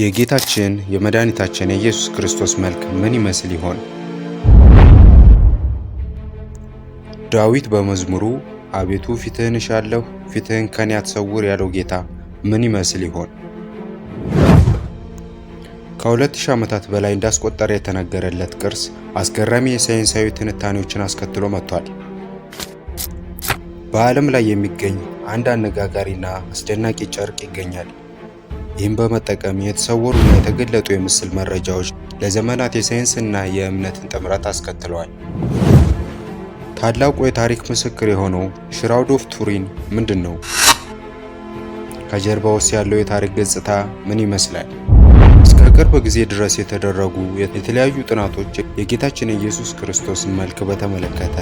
የጌታችን የመድኃኒታችን የኢየሱስ ክርስቶስ መልክ ምን ይመስል ይሆን? ዳዊት በመዝሙሩ አቤቱ ፊትህን እሻለሁ ፊትህን ከኔ አትሰውር ያለው ጌታ ምን ይመስል ይሆን? ከ ሺህ ዓመታት በላይ እንዳስቆጠረ የተነገረለት ቅርስ አስገራሚ የሳይንሳዊ ትንታኔዎችን አስከትሎ መጥቷል። በዓለም ላይ የሚገኝ አንድ አነጋጋሪና አስደናቂ ጨርቅ ይገኛል። ይህም በመጠቀም የተሰወሩና የተገለጡ የምስል መረጃዎች ለዘመናት የሳይንስና የእምነትን ጥምረት አስከትለዋል። ታላቁ የታሪክ ምስክር የሆነው ሽራውድ ኦፍ ቱሪን ምንድን ነው? ከጀርባ ውስጥ ያለው የታሪክ ገጽታ ምን ይመስላል? እስከ ቅርብ ጊዜ ድረስ የተደረጉ የተለያዩ ጥናቶች የጌታችን ኢየሱስ ክርስቶስን መልክ በተመለከተ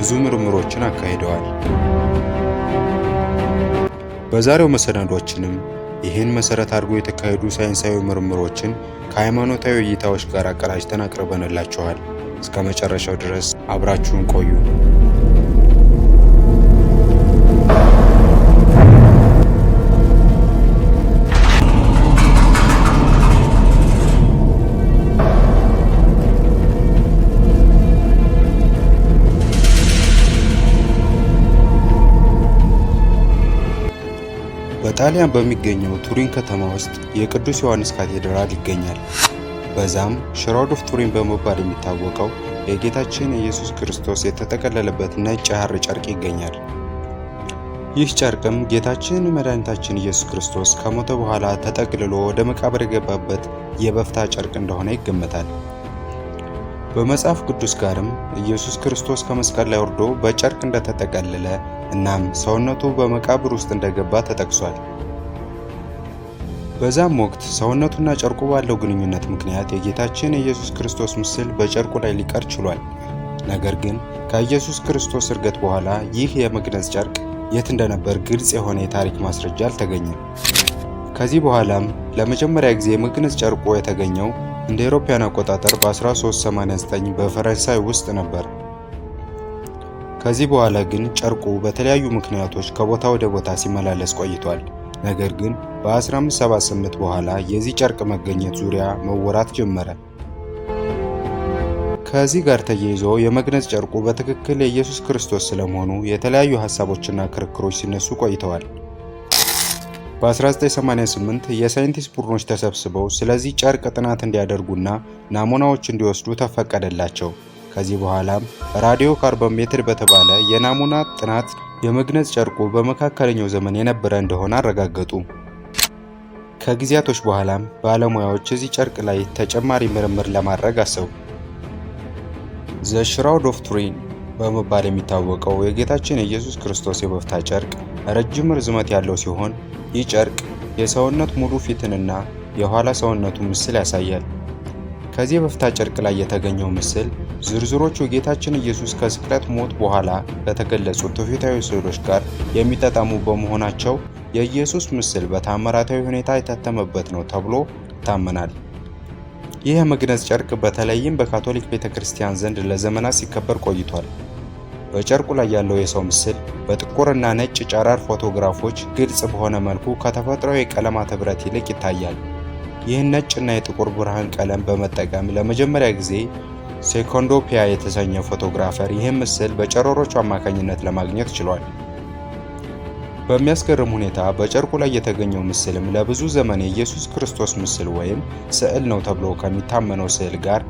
ብዙ ምርምሮችን አካሂደዋል። በዛሬው መሰናዷችንም ይህን መሰረት አድርጎ የተካሄዱ ሳይንሳዊ ምርምሮችን ከሃይማኖታዊ እይታዎች ጋር አቀናጅተን አቅርበንላችኋል። እስከ መጨረሻው ድረስ አብራችሁን ቆዩ። በጣሊያን በሚገኘው ቱሪን ከተማ ውስጥ የቅዱስ ዮሐንስ ካቴድራል ይገኛል። በዛም ሽራውድ ኦፍ ቱሪን በመባል የሚታወቀው የጌታችን ኢየሱስ ክርስቶስ የተጠቀለለበት ነጭ ሐር ጨርቅ ይገኛል። ይህ ጨርቅም ጌታችን መድኃኒታችን ኢየሱስ ክርስቶስ ከሞተ በኋላ ተጠቅልሎ ወደ መቃብር የገባበት የበፍታ ጨርቅ እንደሆነ ይገመታል። በመጽሐፍ ቅዱስ ጋርም ኢየሱስ ክርስቶስ ከመስቀል ላይ ወርዶ በጨርቅ እንደተጠቀለለ እናም ሰውነቱ በመቃብር ውስጥ እንደገባ ተጠቅሷል። በዛም ወቅት ሰውነቱና ጨርቁ ባለው ግንኙነት ምክንያት የጌታችን የኢየሱስ ክርስቶስ ምስል በጨርቁ ላይ ሊቀር ችሏል። ነገር ግን ከኢየሱስ ክርስቶስ እርገት በኋላ ይህ የመግነዝ ጨርቅ የት እንደነበር ግልጽ የሆነ የታሪክ ማስረጃ አልተገኘም። ከዚህ በኋላም ለመጀመሪያ ጊዜ የመግነዝ ጨርቁ የተገኘው እንደ ኤሮፓያን አቆጣጠር በ1389 በፈረንሳይ ውስጥ ነበር። ከዚህ በኋላ ግን ጨርቁ በተለያዩ ምክንያቶች ከቦታ ወደ ቦታ ሲመላለስ ቆይቷል። ነገር ግን በ1578 በኋላ የዚህ ጨርቅ መገኘት ዙሪያ መወራት ጀመረ። ከዚህ ጋር ተያይዞ የመግነዝ ጨርቁ በትክክል የኢየሱስ ክርስቶስ ስለመሆኑ የተለያዩ ሀሳቦችና ክርክሮች ሲነሱ ቆይተዋል። በ1988 የሳይንቲስት ቡድኖች ተሰብስበው ስለዚህ ጨርቅ ጥናት እንዲያደርጉና ናሙናዎች እንዲወስዱ ተፈቀደላቸው። ከዚህ በኋላም ራዲዮ ካርቦን ሜትር በተባለ የናሙና ጥናት የመግነዝ ጨርቁ በመካከለኛው ዘመን የነበረ እንደሆነ አረጋገጡ። ከጊዜያቶች በኋላም ባለሙያዎች እዚህ ጨርቅ ላይ ተጨማሪ ምርምር ለማድረግ አሰቡ። ዘ ሽራውድ ኦፍ ቱሪን በመባል የሚታወቀው የጌታችን ኢየሱስ ክርስቶስ የበፍታ ጨርቅ ረጅም ርዝመት ያለው ሲሆን ይህ ጨርቅ የሰውነት ሙሉ ፊትንና የኋላ ሰውነቱን ምስል ያሳያል። ከዚህ በፍታ ጨርቅ ላይ የተገኘው ምስል ዝርዝሮቹ ጌታችን ኢየሱስ ከስቅለት ሞት በኋላ ከተገለጹ ትውፊታዊ ስዕሎች ጋር የሚጠጠሙ በመሆናቸው የኢየሱስ ምስል በታምራታዊ ሁኔታ የታተመበት ነው ተብሎ ይታመናል። ይህ የመግነዝ ጨርቅ በተለይም በካቶሊክ ቤተ ክርስቲያን ዘንድ ለዘመናት ሲከበር ቆይቷል። በጨርቁ ላይ ያለው የሰው ምስል በጥቁርና ነጭ ጨረር ፎቶግራፎች ግልጽ በሆነ መልኩ ከተፈጥሯዊ የቀለማት ኅብረት ይልቅ ይታያል። ይህን ነጭና የጥቁር ብርሃን ቀለም በመጠቀም ለመጀመሪያ ጊዜ ሴኮንዶፒያ የተሰኘ ፎቶግራፈር ይህን ምስል በጨረሮቹ አማካኝነት ለማግኘት ችሏል። በሚያስገርም ሁኔታ በጨርቁ ላይ የተገኘው ምስልም ለብዙ ዘመን የኢየሱስ ክርስቶስ ምስል ወይም ስዕል ነው ተብሎ ከሚታመነው ስዕል ጋር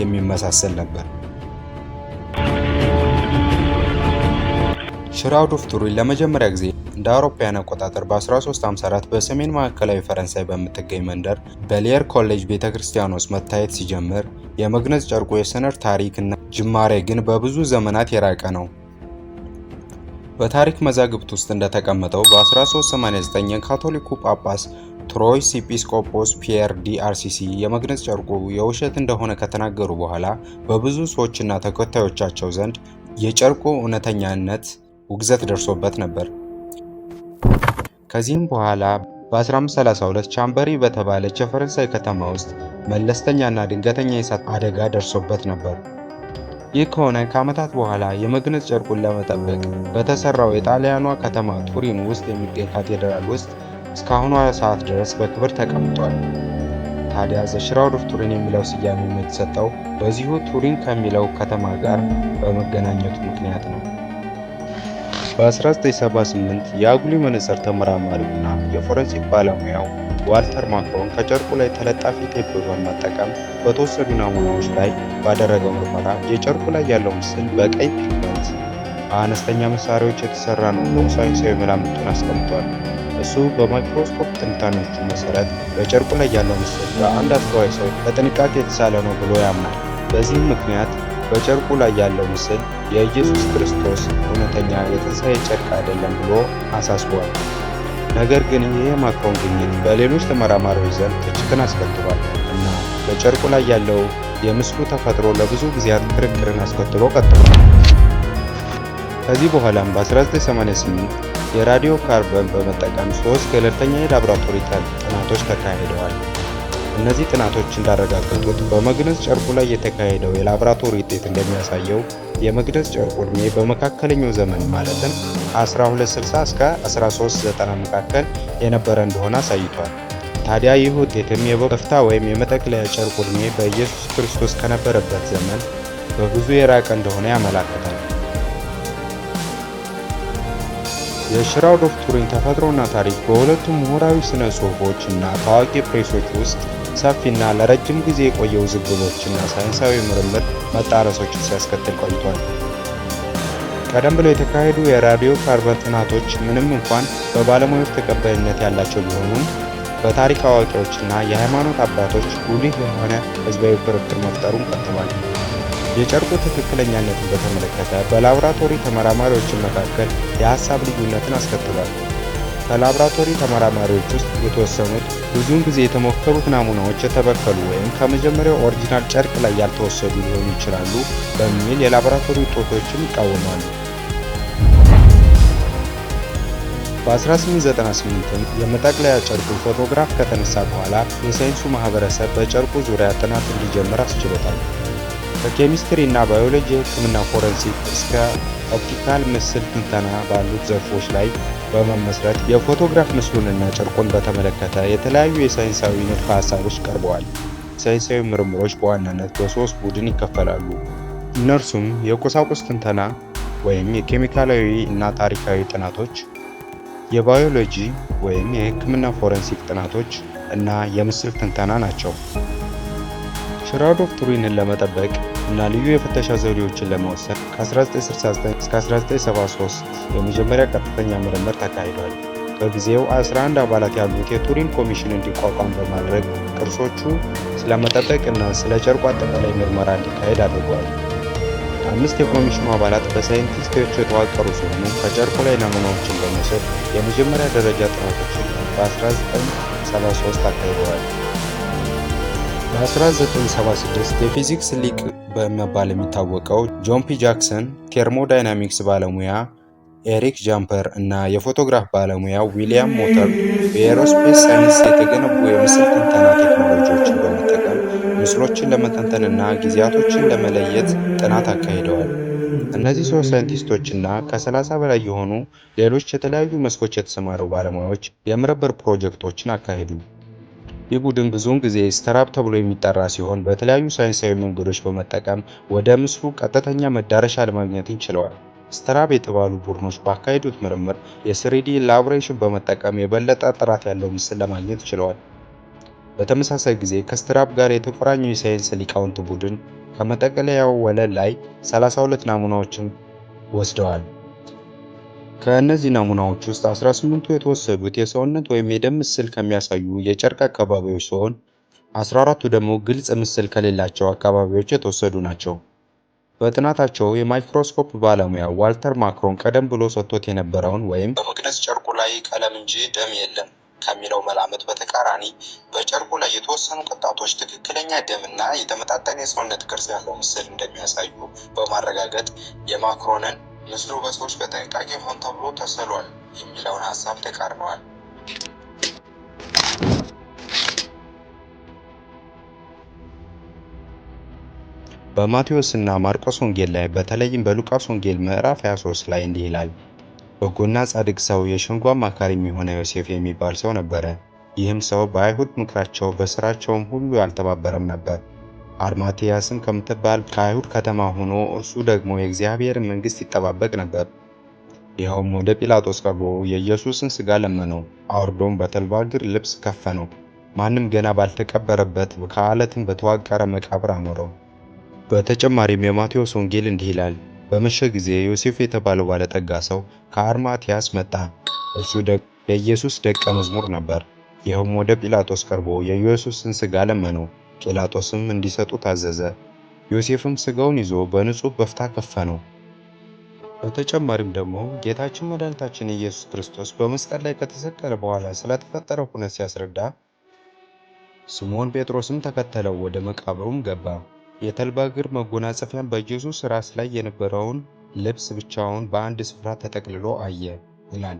የሚመሳሰል ነበር። ሽራውድ ኦፍ ለመጀመሪያ ጊዜ እንደ አውሮፓውያን አቆጣጠር በ1354 በሰሜን ማዕከላዊ ፈረንሳይ በምትገኝ መንደር በሊየር ኮሌጅ ቤተ ክርስቲያን ውስጥ መታየት ሲጀምር የመግነዝ ጨርቁ የሰነር ታሪክ እና ጅማሬ ግን በብዙ ዘመናት የራቀ ነው። በታሪክ መዛግብት ውስጥ እንደተቀመጠው በ1389 የካቶሊኩ ጳጳስ ትሮይስ ኢጲስቆጶስ ፒየር ዲ አርሲሲ የመግነዝ ጨርቁ የውሸት እንደሆነ ከተናገሩ በኋላ በብዙ ሰዎችና ተከታዮቻቸው ዘንድ የጨርቁ እውነተኛነት ውግዘት ደርሶበት ነበር። ከዚህም በኋላ በ1532 ቻምበሪ በተባለች የፈረንሳይ ከተማ ውስጥ መለስተኛና ድንገተኛ የእሳት አደጋ ደርሶበት ነበር። ይህ ከሆነ ከዓመታት በኋላ የመግነጥ ጨርቁን ለመጠበቅ በተሰራው የጣሊያኗ ከተማ ቱሪን ውስጥ የሚገኝ ካቴድራል ውስጥ እስካሁኗ ሰዓት ድረስ በክብር ተቀምጧል። ታዲያ ዘ ኦፍ ቱሪን የሚለው ስያሜ የተሰጠው በዚሁ ቱሪን ከሚለው ከተማ ጋር በመገናኘቱ ምክንያት ነው። በ1978 የአጉሊ መነጽር ተመራማሪውና የፎረንሲክ ባለሙያው ዋልተር ማክሮን ከጨርቁ ላይ ተለጣፊ ቴፕ በመጠቀም በተወሰዱ ናሙናዎች ላይ ባደረገው ምርመራ የጨርቁ ላይ ያለው ምስል በቀይ ፒግመንት በአነስተኛ መሳሪያዎች የተሰራ ነው ብሎ ሳይንሳዊ መላምቱን አስቀምጧል። እሱ በማይክሮስኮፕ ትንታኔዎቹ መሰረት በጨርቁ ላይ ያለው ምስል በአንድ አስተዋይ ሰው በጥንቃቄ የተሳለ ነው ብሎ ያምናል። በዚህም ምክንያት በጨርቁ ላይ ያለው ምስል የኢየሱስ ክርስቶስ እውነተኛ የትንሣኤ ጨርቅ አይደለም ብሎ አሳስቧል። ነገር ግን ይህ የማክሮን ግኝት በሌሎች ተመራማሪዎች ዘንድ ትችትን አስከትሏል እና በጨርቁ ላይ ያለው የምስሉ ተፈጥሮ ለብዙ ጊዜያት ክርክርን አስከትሎ ቀጥሏል። ከዚህ በኋላም በ1988 የራዲዮ ካርበን በመጠቀም ሶስት ገለልተኛ የላብራቶሪ ጥናቶች ተካሂደዋል። እነዚህ ጥናቶች እንዳረጋገጡት በመግነዝ ጨርቁ ላይ የተካሄደው የላብራቶሪ ውጤት እንደሚያሳየው የመግነዝ ጨርቁ እድሜ በመካከለኛው ዘመን ማለትም 1260 እስከ 1390 መካከል የነበረ እንደሆነ አሳይቷል። ታዲያ ይህ ውጤትም የበፍታ ወይም የመጠቅለያ ጨርቁ እድሜ በኢየሱስ ክርስቶስ ከነበረበት ዘመን በብዙ የራቀ እንደሆነ ያመላክታል። የሽራውድ ኦፍ ቱሪን ተፈጥሮና ታሪክ በሁለቱም ምሁራዊ ስነ ጽሁፎች እና ታዋቂ ፕሬሶች ውስጥ ሰፊና ለረጅም ጊዜ የቆየ ውዝግቦችና ሳይንሳዊ ምርምር መጣረሶችን ሲያስከትል ቆይቷል። ቀደም ብሎ የተካሄዱ የራዲዮ ካርበን ጥናቶች ምንም እንኳን በባለሙያዎች ተቀባይነት ያላቸው ቢሆኑም በታሪክ አዋቂዎችና የሃይማኖት አባቶች ጉልህ የሆነ ህዝባዊ ክርክር መፍጠሩን ቀጥሏል። የጨርቁ ትክክለኛነትን በተመለከተ በላቦራቶሪ ተመራማሪዎች መካከል የሀሳብ ልዩነትን አስከትሏል። ከላብራቶሪ ተመራማሪዎች ውስጥ የተወሰኑት ብዙውን ጊዜ የተሞከሩት ናሙናዎች የተበከሉ ወይም ከመጀመሪያው ኦሪጂናል ጨርቅ ላይ ያልተወሰዱ ሊሆኑ ይችላሉ በሚል የላብራቶሪ ውጤቶችን ይቃወማሉ። በ1898 የመጠቅለያ ጨርቁ ፎቶግራፍ ከተነሳ በኋላ የሳይንሱ ማህበረሰብ በጨርቁ ዙሪያ ጥናት እንዲጀምር አስችሎታል። ከኬሚስትሪ እና ባዮሎጂ፣ ሕክምና፣ ፎረንሲክ እስከ ኦፕቲካል ምስል ትንተና ባሉት ዘርፎች ላይ በመመስረት የፎቶግራፍ ምስሉንና ጨርቁን በተመለከተ የተለያዩ የሳይንሳዊ ንድፈ ሀሳቦች ቀርበዋል። ሳይንሳዊ ምርምሮች በዋናነት በሶስት ቡድን ይከፈላሉ። እነርሱም የቁሳቁስ ትንተና ወይም የኬሚካላዊ እና ታሪካዊ ጥናቶች፣ የባዮሎጂ ወይም የሕክምና ፎረንሲክ ጥናቶች እና የምስል ትንተና ናቸው። ሽራዶፍ ቱሪንን ለመጠበቅ እና ልዩ የፍተሻ ዘዴዎችን ለመወሰን ከ1969 እስከ 1973 የመጀመሪያ ቀጥተኛ ምርምር ተካሂዷል። በጊዜው 11 አባላት ያሉት የቱሪን ኮሚሽን እንዲቋቋም በማድረግ ቅርሶቹ ስለ መጠበቅ እና ስለ ጨርቁ አጠቃላይ ምርመራ እንዲካሄድ አድርጓል። አምስት የኮሚሽኑ አባላት በሳይንቲስቶች የተዋቀሩ ሲሆኑ ከጨርቁ ላይ ናሙናዎችን በመውሰድ የመጀመሪያ ደረጃ ጥናቶችን በ1973 አካሂደዋል። በ1976 የፊዚክስ ሊቅ በመባል የሚታወቀው ጆን ፒ ጃክሰን፣ ቴርሞዳይናሚክስ ባለሙያ ኤሪክ ጃምፐር እና የፎቶግራፍ ባለሙያ ዊሊያም ሞተር በኤሮስፔስ ሳይንስ የተገነቡ የምስል ትንተና ቴክኖሎጂዎችን በመጠቀም ምስሎችን ለመተንተንና ጊዜያቶችን ለመለየት ጥናት አካሂደዋል። እነዚህ ሶስት ከ30 በላይ የሆኑ ሌሎች የተለያዩ መስኮች የተሰማሩ ባለሙያዎች የምርምር ፕሮጀክቶችን አካሄዱ። ይህ ቡድን ብዙውን ጊዜ ስተራፕ ተብሎ የሚጠራ ሲሆን በተለያዩ ሳይንሳዊ መንገዶች በመጠቀም ወደ ምስሉ ቀጥተኛ መዳረሻ ለማግኘት ይችለዋል። ስተራፕ የተባሉ ቡድኖች ባካሄዱት ምርምር የ3D በመጠቀም የበለጠ ጥራት ያለው ምስል ለማግኘት ችለዋል። በተመሳሳይ ጊዜ ከስትራፕ ጋር የተቆራኘው የሳይንስ ሊቃውንት ቡድን ከመጠቀለያው ወለል ላይ 32 ናሙናዎችን ወስደዋል። ከእነዚህ ናሙናዎች ውስጥ 18ቱ የተወሰዱት የሰውነት ወይም የደም ምስል ከሚያሳዩ የጨርቅ አካባቢዎች ሲሆን 14ቱ ደግሞ ግልጽ ምስል ከሌላቸው አካባቢዎች የተወሰዱ ናቸው። በጥናታቸው የማይክሮስኮፕ ባለሙያ ዋልተር ማክሮን ቀደም ብሎ ሰጥቶት የነበረውን ወይም በመቅነስ ጨርቁ ላይ ቀለም እንጂ ደም የለም ከሚለው መላመት በተቃራኒ በጨርቁ ላይ የተወሰኑ ቅጣቶች ትክክለኛ ደምና የተመጣጠነ የሰውነት ቅርጽ ያለው ምስል እንደሚያሳዩ በማረጋገጥ የማክሮንን የስሎ ገጾች በጥንቃቄ ሆን ተብሎ ተስሏል የሚለውን ሀሳብ ተቃርበዋል። በማቴዎስና ማርቆስ ወንጌል ላይ በተለይም በሉቃስ ወንጌል ምዕራፍ 23 ላይ እንዲህ ይላል፣ በጎና ጻድቅ ሰው የሸንጎ አማካሪ የሆነ ዮሴፍ የሚባል ሰው ነበረ። ይህም ሰው በአይሁድ ምክራቸው በስራቸውም ሁሉ ያልተባበረም ነበር አርማቴያስም ከምትባል ከአይሁድ ከተማ ሆኖ እሱ ደግሞ የእግዚአብሔር መንግሥት ይጠባበቅ ነበር። ይኸውም ወደ ጲላጦስ ቀርቦ የኢየሱስን ሥጋ ለመነው። አውርዶም በተልባ እግር ልብስ ከፈነው፣ ማንም ገና ባልተቀበረበት ከዓለትም በተዋቀረ መቃብር አኖረው። በተጨማሪም የማቴዎስ ወንጌል እንዲህ ይላል፣ በመሸ ጊዜ ዮሴፍ የተባለው ባለጠጋ ሰው ከአርማቴያስ መጣ። እሱ የኢየሱስ ደቀ መዝሙር ነበር። ይኸውም ወደ ጲላጦስ ቀርቦ የኢየሱስን ሥጋ ለመነው። ጲላጦስም እንዲሰጡ ታዘዘ። ዮሴፍም ሥጋውን ይዞ በንጹሕ በፍታ ከፈነው። በተጨማሪም ደግሞ ጌታችን መድኃኒታችን ኢየሱስ ክርስቶስ በመስቀል ላይ ከተሰቀለ በኋላ ስለተፈጠረው ሁነት ሲያስረዳ ስምዖን ጴጥሮስም ተከተለው፣ ወደ መቃብሩም ገባ። የተልባ እግር መጎናጸፊያን በኢየሱስ ራስ ላይ የነበረውን ልብስ ብቻውን በአንድ ስፍራ ተጠቅልሎ አየ ይላል።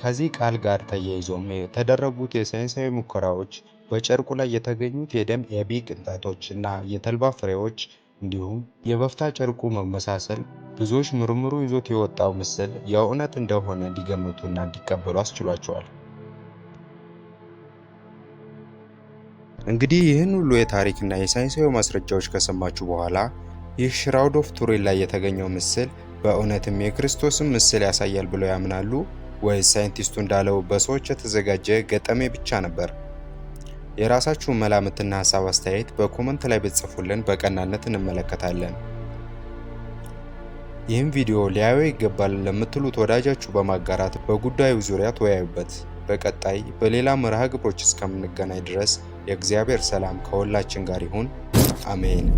ከዚህ ቃል ጋር ተያይዞም የተደረጉት የሳይንሳዊ ሙከራዎች በጨርቁ ላይ የተገኙት የደም ኤቢ ቅንጣቶች እና የተልባ ፍሬዎች እንዲሁም የበፍታ ጨርቁ መመሳሰል ብዙዎች ምርምሩ ይዞት የወጣው ምስል የእውነት እንደሆነ እንዲገምቱና እንዲቀበሉ አስችሏቸዋል። እንግዲህ ይህን ሁሉ የታሪክና የሳይንሳዊ ማስረጃዎች ከሰማችሁ በኋላ ይህ ሽራውድ ኦፍ ቱሪን ላይ የተገኘው ምስል በእውነትም የክርስቶስን ምስል ያሳያል ብለው ያምናሉ ወይስ ሳይንቲስቱ እንዳለው በሰዎች የተዘጋጀ ገጠሜ ብቻ ነበር? የራሳችሁን መላምትና ሀሳብ አስተያየት በኮመንት ላይ ብትጽፉልን በቀናነት እንመለከታለን። ይህም ቪዲዮ ሊያዩ ይገባል ለምትሉት ወዳጃችሁ በማጋራት በጉዳዩ ዙሪያ ተወያዩበት። በቀጣይ በሌላ መርሃ ግብሮች እስከምንገናኝ ድረስ የእግዚአብሔር ሰላም ከሁላችን ጋር ይሁን፣ አሜን።